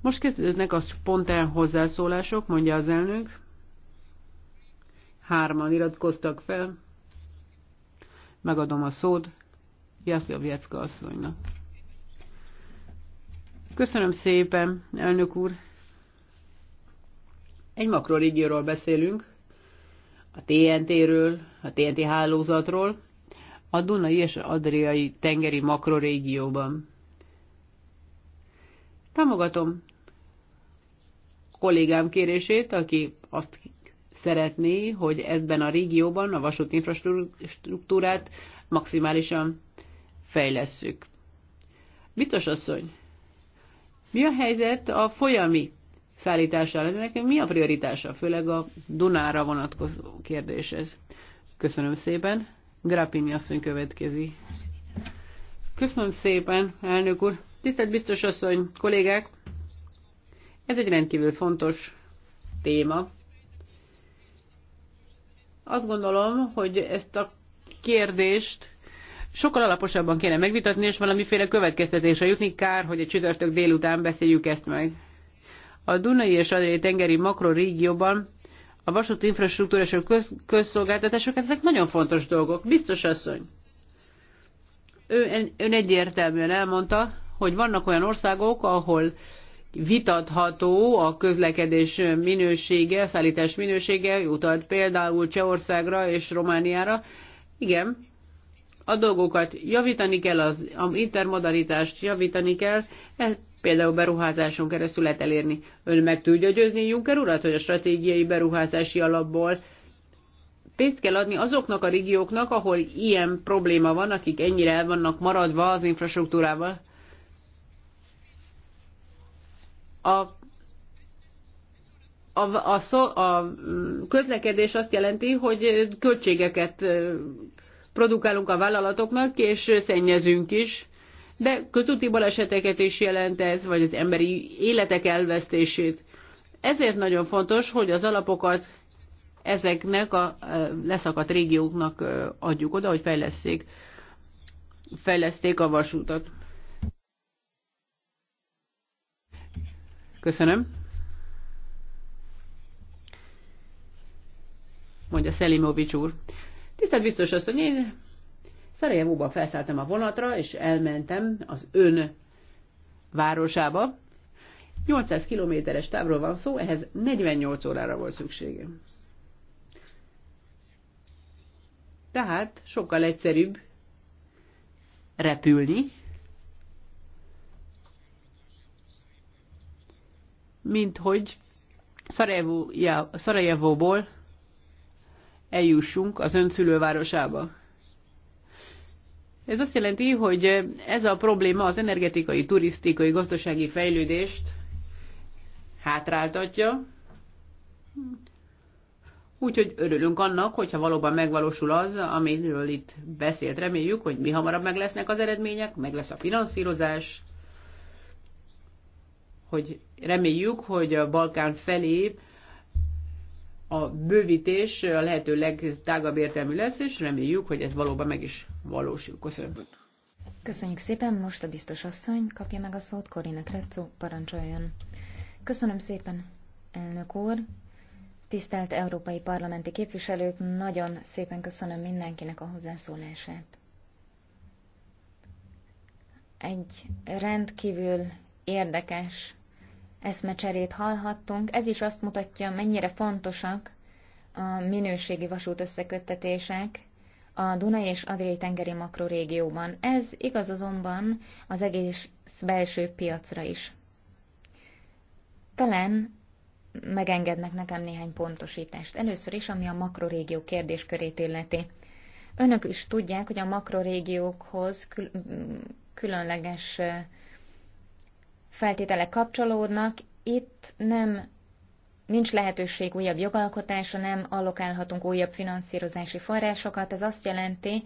Most kezdődnek a spontán hozzászólások, mondja az elnök. Hárman iratkoztak fel. Megadom a szót Jászlov Jecka asszonynak. Köszönöm szépen, elnök úr. Egy makrorégióról beszélünk, a TNT-ről, a TNT hálózatról, a Dunai és Adriai tengeri makrorégióban. Támogatom kollégám kérését, aki azt szeretné, hogy ebben a régióban a vasúti infrastruktúrát maximálisan fejlesszük. Biztos asszony, mi a helyzet a folyami szállítására lennének. Mi a prioritása, főleg a Dunára vonatkozó kérdés ez? Köszönöm szépen. Grappini asszony következi. Köszönöm szépen, elnök úr. Tisztelt biztos asszony, kollégák! Ez egy rendkívül fontos téma. Azt gondolom, hogy ezt a kérdést sokkal alaposabban kéne megvitatni, és valamiféle következtetésre jutni. Kár, hogy egy csütörtök délután beszéljük ezt meg. A Dunai és Adriai tengeri makrorégióban a vasúti infrastruktúra és a köz, közszolgáltatások, ezek nagyon fontos dolgok. Biztos asszony. Ő, ön egyértelműen elmondta, hogy vannak olyan országok, ahol vitatható a közlekedés minősége, a szállítás minősége, utalt például Csehországra és Romániára. Igen, a dolgokat javítani kell, az intermodalitást javítani kell, e például beruházáson keresztül lehet elérni. Ön meg tudja győzni Juncker urat, hogy a stratégiai beruházási alapból pénzt kell adni azoknak a régióknak, ahol ilyen probléma van, akik ennyire el vannak maradva az infrastruktúrával. A a, a, szó, a közlekedés azt jelenti, hogy költségeket produkálunk a vállalatoknak, és szennyezünk is de közúti baleseteket is jelent ez, vagy az emberi életek elvesztését. Ezért nagyon fontos, hogy az alapokat ezeknek a leszakadt régióknak adjuk oda, hogy fejleszték, fejleszték a vasútat. Köszönöm. Mondja Szelimovics úr. Tisztelt biztos asszony, én Szarajevóban felszálltam a vonatra, és elmentem az ön városába. 800 kilométeres távról van szó, ehhez 48 órára volt szükségem. Tehát sokkal egyszerűbb repülni, mint hogy Szarajevóból eljussunk az szülővárosába. Ez azt jelenti, hogy ez a probléma az energetikai, turisztikai, gazdasági fejlődést hátráltatja, Úgyhogy örülünk annak, hogyha valóban megvalósul az, amiről itt beszélt. Reméljük, hogy mi hamarabb meg lesznek az eredmények, meg lesz a finanszírozás, hogy reméljük, hogy a Balkán felé a bővítés a lehető legtágabb értelmű lesz, és reméljük, hogy ez valóban meg is valósul. Köszönöm. Köszönjük szépen, most a biztos asszony kapja meg a szót, Korina Kretszó, parancsoljon. Köszönöm szépen, elnök úr. Tisztelt európai parlamenti képviselők, nagyon szépen köszönöm mindenkinek a hozzászólását. Egy rendkívül érdekes eszmecserét hallhattunk. Ez is azt mutatja, mennyire fontosak a minőségi vasút összeköttetések a Duna és Adriai tengeri makrorégióban. Ez igaz azonban az egész belső piacra is. Talán megengednek nekem néhány pontosítást. Először is, ami a makrorégió kérdéskörét illeti. Önök is tudják, hogy a makrorégiókhoz különleges feltételek kapcsolódnak, itt nem nincs lehetőség újabb jogalkotásra, nem allokálhatunk újabb finanszírozási forrásokat. Ez azt jelenti,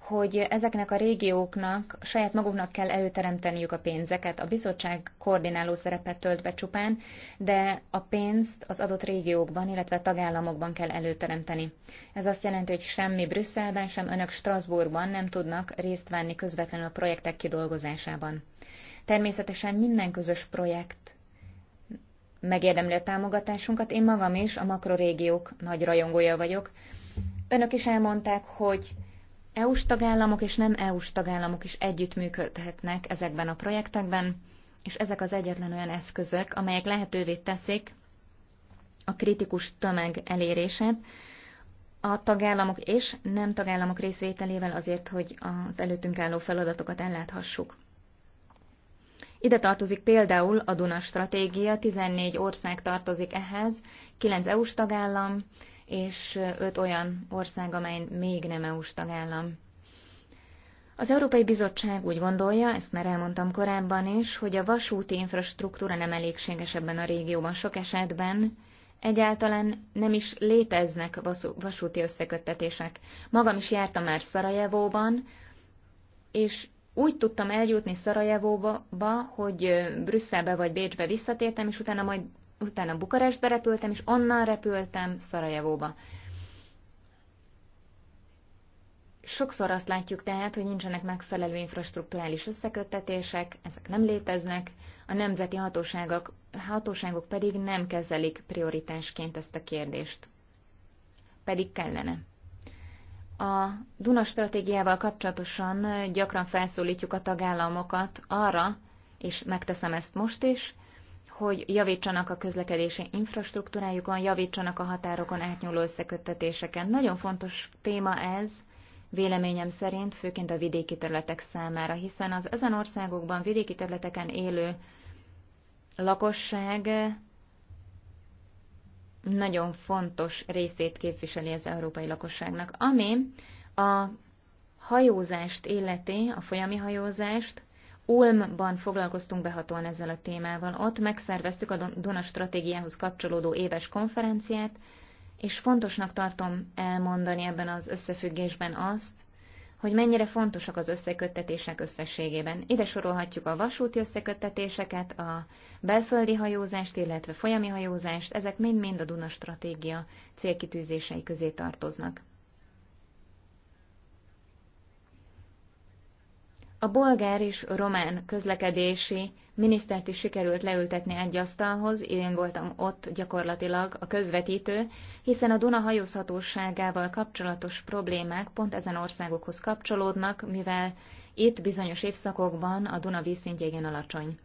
hogy ezeknek a régióknak saját maguknak kell előteremteniük a pénzeket. A bizottság koordináló szerepet tölt be csupán, de a pénzt az adott régiókban, illetve a tagállamokban kell előteremteni. Ez azt jelenti, hogy semmi Brüsszelben, sem önök Strasbourgban nem tudnak részt venni közvetlenül a projektek kidolgozásában. Természetesen minden közös projekt megérdemli a támogatásunkat. Én magam is a makrorégiók nagy rajongója vagyok. Önök is elmondták, hogy EU-s tagállamok és nem EU-s tagállamok is együttműködhetnek ezekben a projektekben, és ezek az egyetlen olyan eszközök, amelyek lehetővé teszik a kritikus tömeg elérését a tagállamok és nem tagállamok részvételével azért, hogy az előttünk álló feladatokat elláthassuk. Ide tartozik például a Duna stratégia, 14 ország tartozik ehhez, 9 EU-s tagállam, és 5 olyan ország, amely még nem EU-s tagállam. Az Európai Bizottság úgy gondolja, ezt már elmondtam korábban is, hogy a vasúti infrastruktúra nem elégséges ebben a régióban sok esetben, Egyáltalán nem is léteznek vasúti összeköttetések. Magam is jártam már Szarajevóban, és úgy tudtam eljutni Szarajevóba, hogy Brüsszelbe vagy Bécsbe visszatértem, és utána majd utána Bukarestbe repültem, és onnan repültem Szarajevóba. Sokszor azt látjuk tehát, hogy nincsenek megfelelő infrastruktúrális összeköttetések, ezek nem léteznek, a nemzeti hatóságok, hatóságok pedig nem kezelik prioritásként ezt a kérdést. Pedig kellene. A Duna stratégiával kapcsolatosan gyakran felszólítjuk a tagállamokat arra, és megteszem ezt most is, hogy javítsanak a közlekedési infrastruktúrájukon, javítsanak a határokon átnyúló összeköttetéseken. Nagyon fontos téma ez, véleményem szerint, főként a vidéki területek számára, hiszen az ezen országokban vidéki területeken élő lakosság nagyon fontos részét képviseli az európai lakosságnak, ami a hajózást illeti, a folyami hajózást, Ulmban foglalkoztunk behatóan ezzel a témával. Ott megszerveztük a Duna stratégiához kapcsolódó éves konferenciát, és fontosnak tartom elmondani ebben az összefüggésben azt, hogy mennyire fontosak az összeköttetések összességében. Ide sorolhatjuk a vasúti összeköttetéseket, a belföldi hajózást, illetve folyami hajózást, ezek mind-mind a Duna stratégia célkitűzései közé tartoznak. A bolgár és román közlekedési minisztert is sikerült leültetni egy asztalhoz, én voltam ott gyakorlatilag a közvetítő, hiszen a Duna hajózhatóságával kapcsolatos problémák pont ezen országokhoz kapcsolódnak, mivel itt bizonyos évszakokban a Duna vízszintje igen alacsony.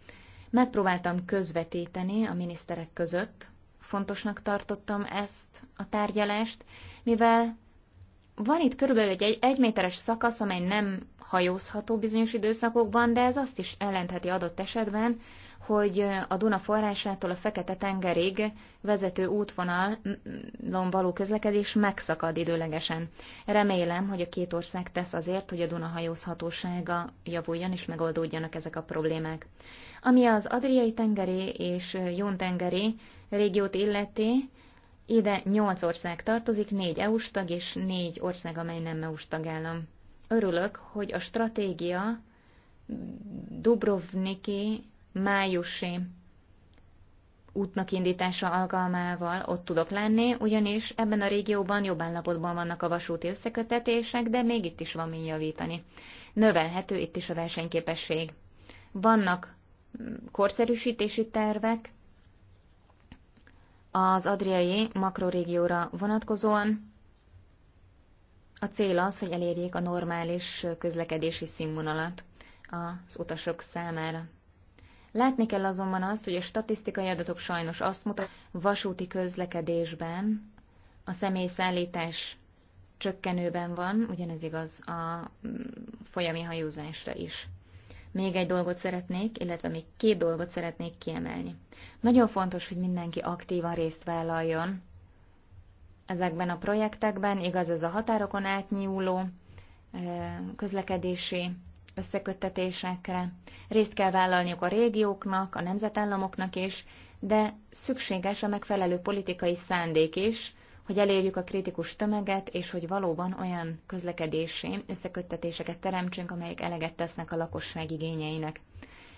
Megpróbáltam közvetíteni a miniszterek között, fontosnak tartottam ezt a tárgyalást, mivel van itt körülbelül egy egyméteres szakasz, amely nem hajózható bizonyos időszakokban, de ez azt is ellentheti adott esetben, hogy a Duna forrásától a Fekete-tengerig vezető útvonalon való közlekedés megszakad időlegesen. Remélem, hogy a két ország tesz azért, hogy a Duna hajózhatósága javuljon és megoldódjanak ezek a problémák. Ami az Adriai tengeri és Jón tengeri régiót illeti, ide 8 ország tartozik, 4 EU-s tag és 4 ország, amely nem EU-s tagállam örülök, hogy a stratégia Dubrovniki májusi útnak indítása alkalmával ott tudok lenni, ugyanis ebben a régióban jobb állapotban vannak a vasúti összekötetések, de még itt is van mi javítani. Növelhető itt is a versenyképesség. Vannak korszerűsítési tervek az adriai makrorégióra vonatkozóan, a cél az, hogy elérjék a normális közlekedési színvonalat az utasok számára. Látni kell azonban azt, hogy a statisztikai adatok sajnos azt mutat, vasúti közlekedésben a személyszállítás csökkenőben van, ugyanez igaz a folyami hajózásra is. Még egy dolgot szeretnék, illetve még két dolgot szeretnék kiemelni. Nagyon fontos, hogy mindenki aktívan részt vállaljon ezekben a projektekben, igaz ez a határokon átnyúló közlekedési összeköttetésekre. Részt kell vállalniuk a régióknak, a nemzetállamoknak is, de szükséges a megfelelő politikai szándék is, hogy elérjük a kritikus tömeget, és hogy valóban olyan közlekedési összeköttetéseket teremtsünk, amelyek eleget tesznek a lakosság igényeinek.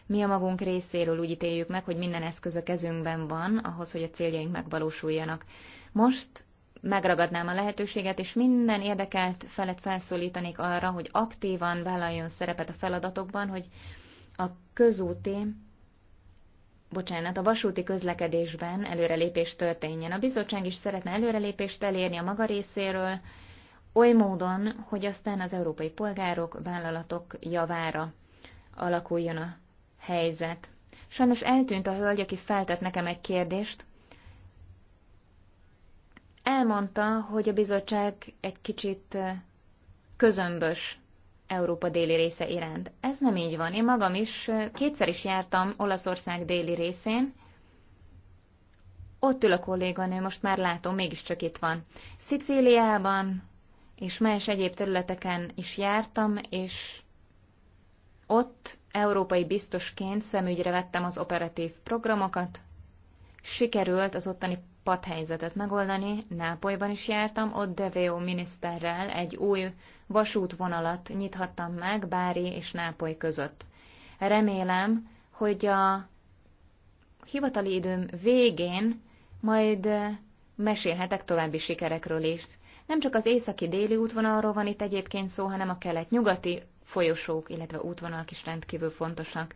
Mi a magunk részéről úgy ítéljük meg, hogy minden eszköz a kezünkben van ahhoz, hogy a céljaink megvalósuljanak. Most megragadnám a lehetőséget, és minden érdekelt felett felszólítanék arra, hogy aktívan vállaljon szerepet a feladatokban, hogy a közúti, bocsánat, a vasúti közlekedésben előrelépés történjen. A bizottság is szeretne előrelépést elérni a maga részéről, oly módon, hogy aztán az európai polgárok, vállalatok javára alakuljon a helyzet. Sajnos eltűnt a hölgy, aki feltett nekem egy kérdést, elmondta, hogy a bizottság egy kicsit közömbös Európa déli része iránt. Ez nem így van. Én magam is kétszer is jártam Olaszország déli részén. Ott ül a kolléganő, most már látom, mégiscsak itt van. Szicíliában és más egyéb területeken is jártam, és ott európai biztosként szemügyre vettem az operatív programokat, sikerült az ottani padhelyzetet megoldani, Nápolyban is jártam, ott Deveo miniszterrel egy új vasútvonalat nyithattam meg Bári és Nápoly között. Remélem, hogy a hivatali időm végén majd mesélhetek további sikerekről is. Nem csak az északi déli útvonalról van itt egyébként szó, hanem a kelet-nyugati folyosók, illetve útvonalak is rendkívül fontosak.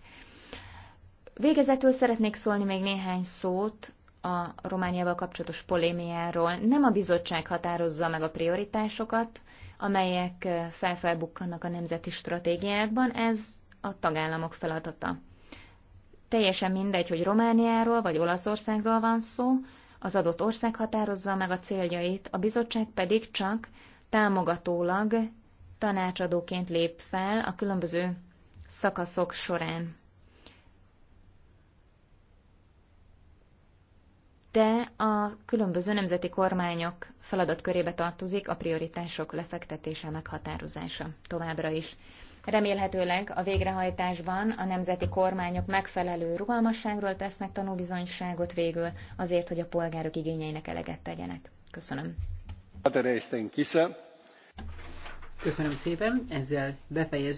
Végezetül szeretnék szólni még néhány szót a Romániával kapcsolatos polémiáról. Nem a bizottság határozza meg a prioritásokat, amelyek eh, felfelbukkannak a nemzeti stratégiákban, ez a tagállamok feladata. Teljesen mindegy, hogy Romániáról vagy Olaszországról van szó, az adott ország határozza meg a céljait, a bizottság pedig csak támogatólag tanácsadóként lép fel a különböző szakaszok során. de a különböző nemzeti kormányok feladatkörébe tartozik a prioritások lefektetése, meghatározása továbbra is. Remélhetőleg a végrehajtásban a nemzeti kormányok megfelelő rugalmasságról tesznek tanúbizonyságot végül azért, hogy a polgárok igényeinek eleget tegyenek. Köszönöm. Köszönöm szépen, ezzel befejez.